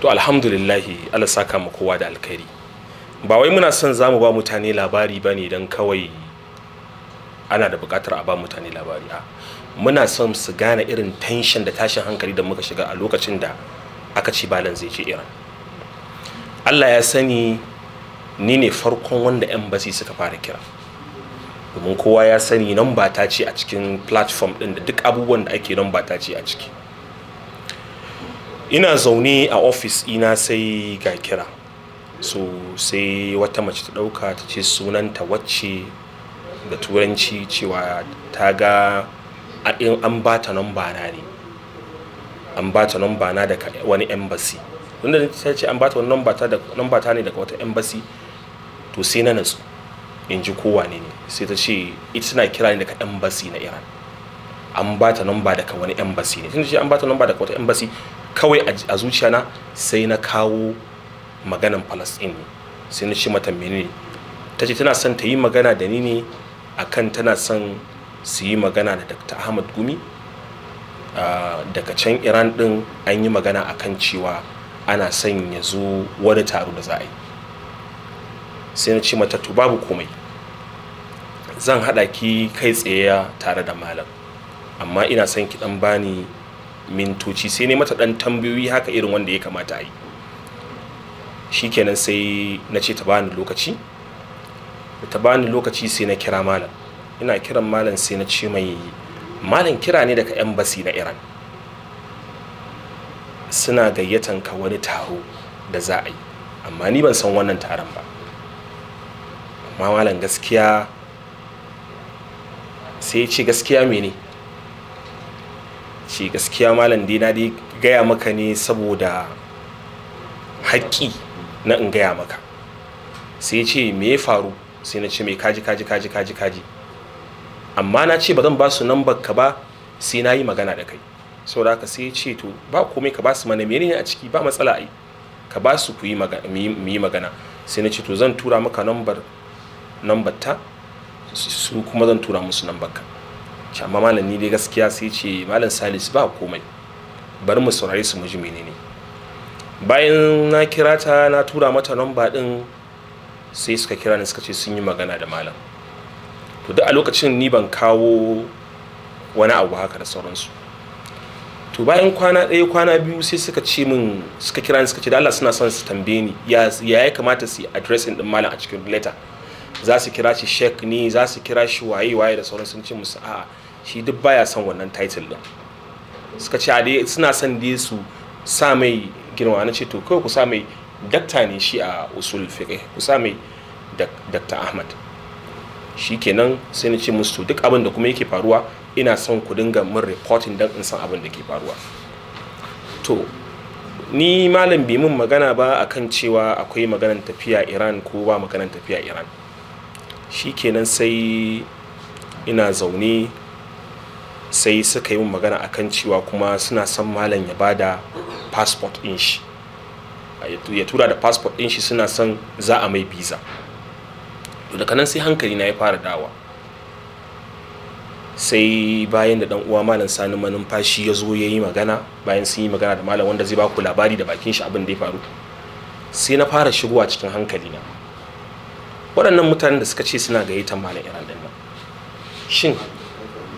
to alhamdulillahi ala saka mu kowa da alkhairi ba wai muna son za mu ba mutane labari ba ne don kawai ana da bukatar a ba mutane labari a muna son su gane irin tension da tashin hankali da muka shiga a lokacin da aka ci balan zai ce iran allah ya sani ni ne farkon wanda embassy suka fara kira domin kowa ya sani nan ba ta ce a cikin platform ɗin da duk abubuwan da ake nan ba ta ce a ciki ina zaune a ofis ina sai ga kira so sai wata mace ta ɗauka ta ce sunanta wacce da turanci cewa ta ga an ba ta namba na ne an ba ta namba na daga wani embassy tunda ta ce an ba ta wani namba ta ne daga wata embassy to sai na natsu in ji kowa ne ne sai ta ce ita tana kira ne daga embassy na iran an ba ta namba daga wani embassy ne tunda ce an ba ta namba daga wata embassy kawai a zuciya na sai na kawo maganan palestine sai na shi mata menene ta ce tana son ta yi magana da ni ne a kan tana son su yi magana da dr ahmad gumi daga can iran din an yi magana a kan cewa ana son ya zo wani taro da za a yi sai na ce mata to babu komai zan haɗa ki kai tsaye tare da malam amma ina son ki ɗan bani mintoci sai ne mata dan tambayoyi haka irin wanda ya kamata a yi shikenan sai na ce ta bani lokaci ta bani lokaci sai na kira malam ina kiran malam sai na ce mai malam kira ne daga embassy na iran suna gayyatan ka wani taho da za a yi amma ni ban san wannan taron ba amma malam gaskiya sai ce gaskiya mene ne shi gaskiya malam dina dai gaya maka ne saboda haƙƙi na in gaya maka sai ya ce me ya faru sai na ce mai kaji kaji kaji kaji kaji amma na ce ba zan ba su nan ka ba sai na yi magana da kai saboda aka sai ya ce to ba komai ka ba su mana menene a ciki ba matsala ai ka ba su ku yi magana sai na ce to zan tura maka nambar ta su kuma zan tura musu nambar ka ce amma malam ni dai gaskiya sai ce malam salis ba komai bari mu saurari su mu ji menene bayan na kira ta na tura mata namba din sai suka kira ni suka ce sun yi magana da malam to duk a lokacin ni ban kawo wani abu haka da sauransu to bayan kwana ɗaya kwana biyu sai suka ce min suka kira ni suka ce da Allah suna son su tambaye ni ya ya kamata su addressing din malam a cikin letter za su kira shi shek ne za su kira shi waye waye da sauran sun ce musu a shi duk baya son wannan title din suka ce dai suna son dai su sa mai girma na ce to kawai ku sa mai dakta ne shi a usul fiqh ku sa mai dakta ahmad shi kenan sai na ce musu duk abin da kuma yake faruwa ina son ku dinga min reporting dan in san abin da ke faruwa to ni malam bai min magana ba akan cewa akwai maganar tafiya iran ko ba maganan tafiya iran shi kenan sai ina zaune sai suka yi mun magana akan cewa kuma suna son malam ya bada passport din shi ya tura da passport din shi suna son za a mai visa to daga nan sai hankali na ya fara dawa sai bayan da dan uwa malam sani manumfashi ya zo ya yi magana bayan sun yi magana da malam wanda zai ba ku labari da bakin shi abin da ya faru sai na fara shigowa cikin hankali na waɗannan mutanen da suka ce suna gayyatar malam iran din nan shin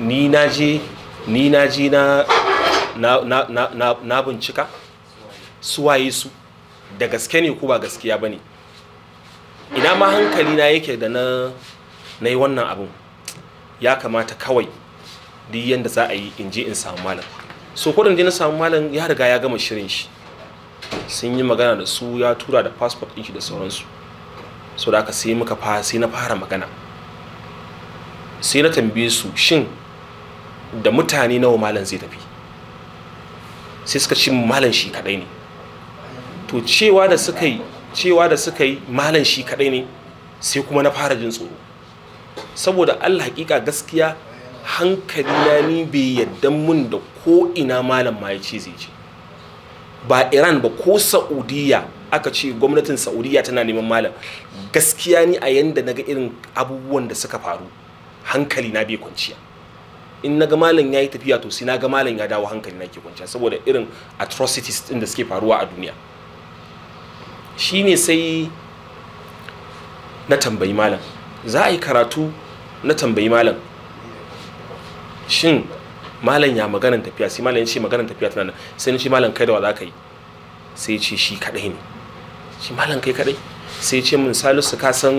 ni na je na je na na bincika su da gaske ne ko ba gaskiya ba ne ina ma hankali na yake da na yi wannan abin ya kamata kawai duk yadda za a yi in je in samu malam so ko na samu malam ya riga ya gama shirin shi sun yi magana da su ya tura da passport ɗin shi da sauransu so da aka sai muka fara sai na fara magana sai na tambaye su shin da mutane nawa malam zai tafi sai suka ci malam shi kadai ne to cewa da suka yi cewa da suka yi malam shi kadai ne sai kuma na fara jin tsoro saboda allah hakika gaskiya hankali na ni bai yadda mun da ko ina malam ma ya ce zai ce ba iran ba ko saudiya aka ce gwamnatin saudiya tana neman malam gaskiya ni a yanda naga irin abubuwan da suka faru hankali na bai kwanciya in naga malam ya yi tafiya to sai naga malam ya dawo hankali na ke kwanciya saboda irin atrocities din da suke faruwa a duniya shine sai na tambayi malam za a yi karatu na tambayi malam shin malam ya maganan tafiya sai malam ya ce maganan tafiya tana nan sai na ce malam kai da wa za ka yi sai ce shi kaɗai ne shi malam kai kadai sai ce min salisu ka san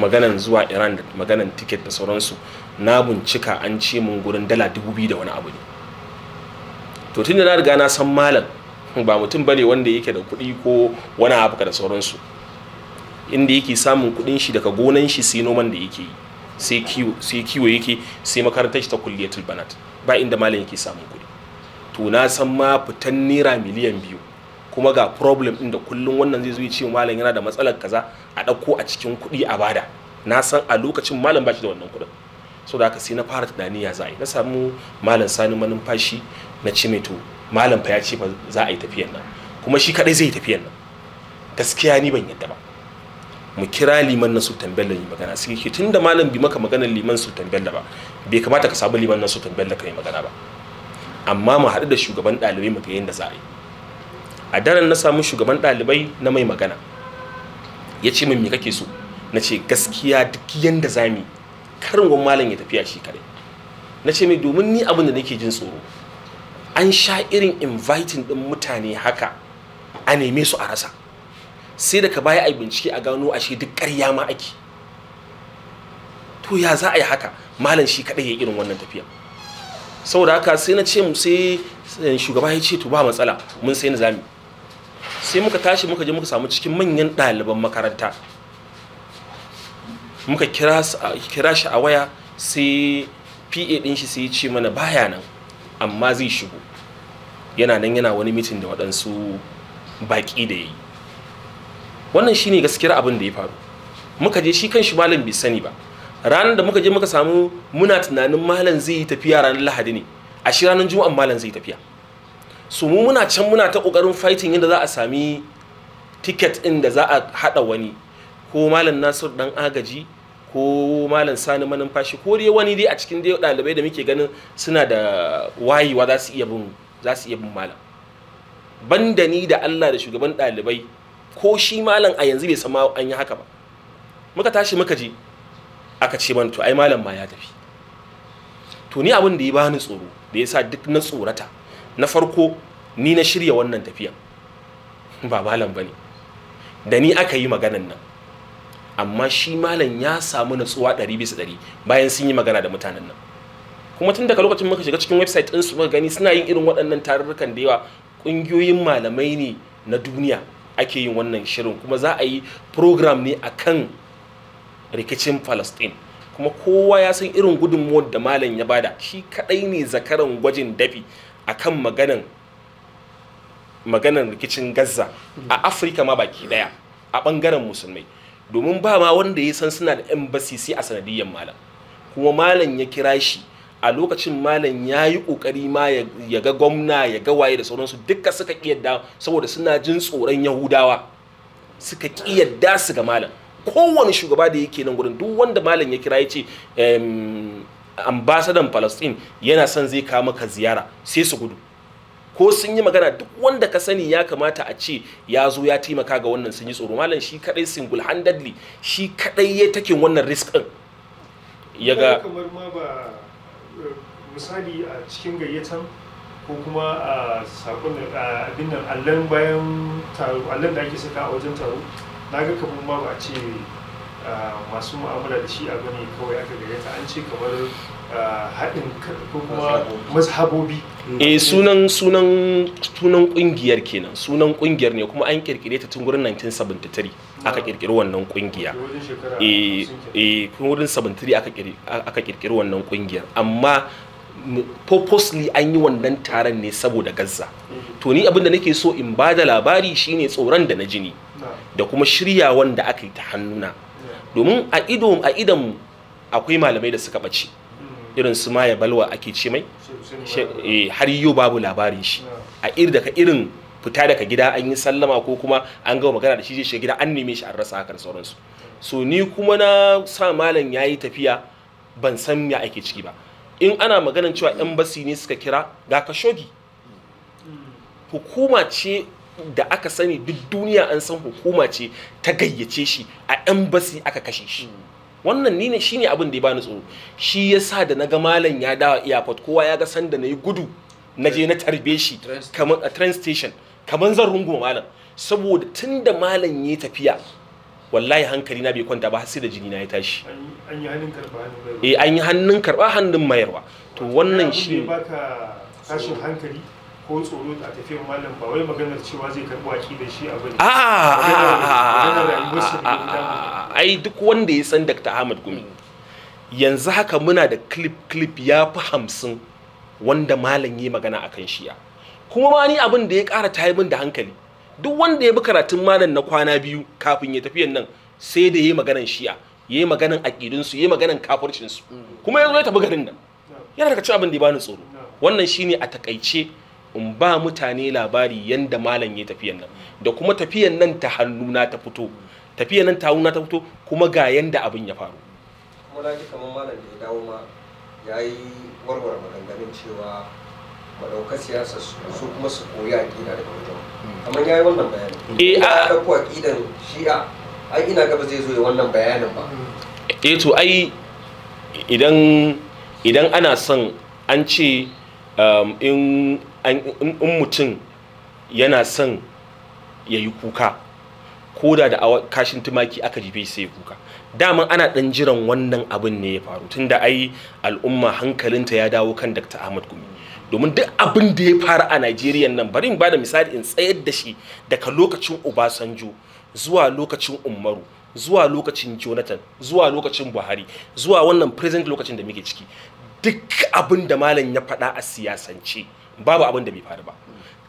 maganan zuwa iran da maganan tiket da sauransu na bincika an ce min gurin dala dubu biyu da wani abu ne to tun da na riga na san malam ba mutum ba ne wanda yake da kuɗi ko wani abu da sauransu inda yake samun kuɗin shi daga gonan shi sai noman da yake yi sai kiwo yake sai makarantar shi ta kulliyatul banat ba inda malam yake samun kuɗi to na san ma fitan naira miliyan biyu kuma ga problem ɗin da kullum wannan zai zo ya ce malam yana da matsalar kaza a ɗauko a cikin kuɗi a bada na san a lokacin malam bashi da wannan kuɗin so da haka sai na fara tunani ya za a yi na samu malam sani manumfashi na ce mai to malam fa ya ce fa za a yi tafiyan nan kuma shi kadai zai yi tafiyan nan gaskiya ni ban yadda ba mu kira liman na sultan bello yi magana sai ke tunda malam bi maka maganar liman sultan bello ba bai kamata ka samu liman na sultan bello ka yi magana ba amma mu haɗu da shugaban ɗalibai mu ga yadda za a yi a daren na samu shugaban ɗalibai na mai magana ya ce min me kake so na ce gaskiya duk yanda zami karin malam ya tafiya shi kare na ce mai domin ni abin da nake jin tsoro an sha irin inviting ɗin mutane haka a neme su a rasa sai daga baya a bincike a gano a shi duk ƙarya ma ake to ya za a yi haka malam shi kaɗai ya irin wannan tafiya saboda haka sai na ce mu sai eh, shugaba ya ce to ba matsala mun sai na zami sai muka tashi muka je muka samu cikin manyan ɗaliban makaranta muka kira shi a waya sai pa ɗin shi sai ce mana baya nan amma zai shigo yana nan yana wani mitin da waɗansu baƙi da ya yi wannan ne gaskiyar abin da ya faru muka je shi kan shi malam bai sani ba ranar da muka je muka samu muna tunanin malam zai yi tafiya ranar lahadi ne a shi ranar juma'an malam zai tafiya su mu muna can muna ta ƙoƙarin fighting yadda za a sami ticket ɗin da za a haɗa wani ko malam nasir ɗan agaji ko malam sani manumfashi ko dai wani dai a cikin dai ɗalibai da muke ganin suna da wayewa za su iya bin za su iya bin malam banda ni da Allah da shugaban ɗalibai ko shi malam a yanzu bai sama an yi haka ba muka tashi muka je aka ce man to ai malam ma ya tafi to ni abin da ya bani tsoro da ya sa duk na tsorata na farko ni na shirya wannan tafiya ba malam ne. da ni aka yi maganan nan amma shi malam ya samu natsuwa ɗari bisa ɗari bayan sun yi magana da mutanen nan kuma tun daga lokacin muka shiga cikin website ɗin su muka gani suna yin irin waɗannan tarurrukan da yawa ƙungiyoyin malamai ne na duniya ake yin wannan shirin kuma za a yi program ne a kan rikicin palestine kuma kowa ya san irin gudunmuwar da malam ya bada shi kaɗai ne zakaran gwajin dafi akan maganan maganan rikicin gaza a afirka ma baki daya a bangaren musulmai domin ba ma wanda ya san suna da embassy sai a sanadiyyar malam kuma malam ya kira shi a lokacin malam ya yi kokari ma ya ga gwamna ya ga waye da sauransu duka suka yadda saboda suna jin tsoron yahudawa suka yadda su ga malam kowane shugaba da yake nan gudun duk wanda malam ya kira ya ce ambasadan palestine yana son zai kawo maka ziyara sai su gudu ko sun yi magana duk wanda ka sani ya kamata a ce ya zo ya taimaka ga wannan sun yi tsoro malam shi kadai single handedly shi kadai ya take wannan risk din ya ga kamar ma ba eh, misali a cikin gayyatan ko kuma a sakon abin nan allan bayan taro allan da ake saka a wajen taro na ga kamar ma ba a ce masu mu'amala da shi abu ne kawai aka gare ta an ce kamar haɗin ko kuma mazhabobi e sunan sunan sunan kungiyar kenan sunan kungiyar ne kuma an kirkire ta tun gurin 1973 aka kirkiri wannan kungiya e eh, eh wurin 73 aka aka kirkiri wannan kungiyar amma purposely an yi wannan taron ne saboda Gaza mm. to ni abin da nake so in ba da labari shine tsoron da na jini da kuma shirya wanda aka yi ta hannuna domin a idon a akwai malamai da suka bace irin su maya balwa ake ce mai eh, har yau babu labarin shi a ir daga irin fita daga gida an yi sallama ko kuma an gama magana da shi zai shiga gida an neme shi an rasa hakan sauransu so ni kuma na sa malam ya yi tafiya ban san ya ake ciki ba in ana maganan cewa yan basi ne suka kira ga kashogi hukuma ce da aka sani duk duniya an san hukuma ce ta gayyace shi a embassy aka kashe shi wannan ni ne ne abin da ya bani tsoro shi ya sa da naga malam ya dawa airport kowa ya ga sanda na yi gudu na je na tarbe shi a train station kamar zan runguma malam saboda tun da malam ya tafiya wallahi hankali na bai kwanta ba har sai da jini na ya tashi an yi hannun karba hannun mayarwa an yi hannun karba eh, hannun mayarwa to wannan shi ne baka tashin hankali ko tsoro a tafiyar malam ba wai maganar cewa zai karɓi waki da shi a bane ah, ah, ah, a ai duk wanda ya san Dr. Ahmad Gumi hmm. yanzu haka muna da clip clip ya fi hamsin wanda malam yi magana a kan shiya kuma ma ni abin da ya ƙara tayi min da hankali duk wanda ya bi karatun malam na kwana biyu kafin ya tafi nan sai da ya yi maganan shiya ya yi maganan aƙidinsu ya yi maganan kafircinsu hmm. kuma ya zo ya tafi garin nan yana daga cikin abin da ya bani tsoro wannan shine a takaice in ba mutane labari yadda malam ya tafiyan nan da kuma tafiyan nan ta hannu na ta fito tafiyan nan ta hannu na ta fito kuma ga yadda abin ya faru kuma na ji kamar malam da ya dawo ma ya yi warware maganganun cewa madaukar siyasa su kuma su koyi aƙida daga wajen hmm. kamar ya yi wannan bayanin eh a ɗauko aƙidan shi'a ai ina gaba zai zo ya wannan bayanin ba hmm. eh to ai idan idan ana son an ce um, in in mutum yana son ya yi kuka ko da da kashin tumaki aka jife sai ya kuka dama ana ɗan jiran wannan abin ne ya faru tunda ai al'umma hankalinta ya dawo kan Dr. Ahmad Gumi domin duk abin da ya faru a Najeriya nan bari in bada misali in tsayar da shi daga lokacin Obasanjo zuwa lokacin Umaru zuwa lokacin Jonathan zuwa lokacin Buhari zuwa wannan present lokacin da muke ciki duk abin da malam ya faɗa a siyasance babu abin da bai faru ba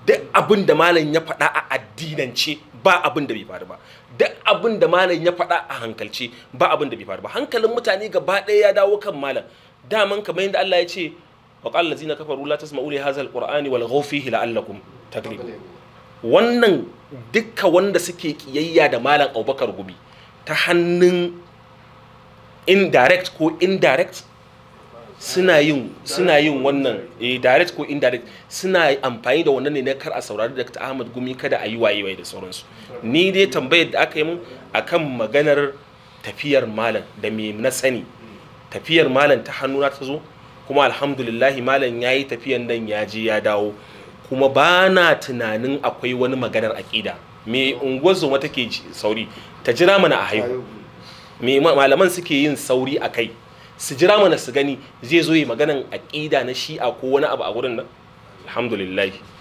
duk abin da malam ya faɗa a addinance ba abin da bai faru ba duk abin da malam ya faɗa a hankalce ba abin da bai faru ba hankalin mutane gaba ɗaya ya dawo kan malam daman kamar yadda Allah ya ce wa qala allazina kafaru la tasma'u li hadha alqur'ani wal ghaw la'allakum taglibun wannan dukka wanda suke kiyayya da malam Abubakar Gumi ta hannun indirect ko indirect suna yin suna yin wannan eh direct ko indirect suna amfani da wannan ne na kar a saurari Dr. Ahmad Gumi kada a yi waye waye da sauransu ni dai tambayar da aka yi mun akan maganar tafiyar malam da me na sani tafiyar malam ta hannuna ta zo kuma alhamdulillahi malam yayi tafiyan nan ya je ya dawo kuma ba na tunanin akwai wani maganar aƙida me unguwar take sauri ta jira mana a haihu me malaman suke yin sauri a kai su jira mana su gani zai zo yi maganan aƙida na shi'a ko wani abu a wurin nan alhamdulillah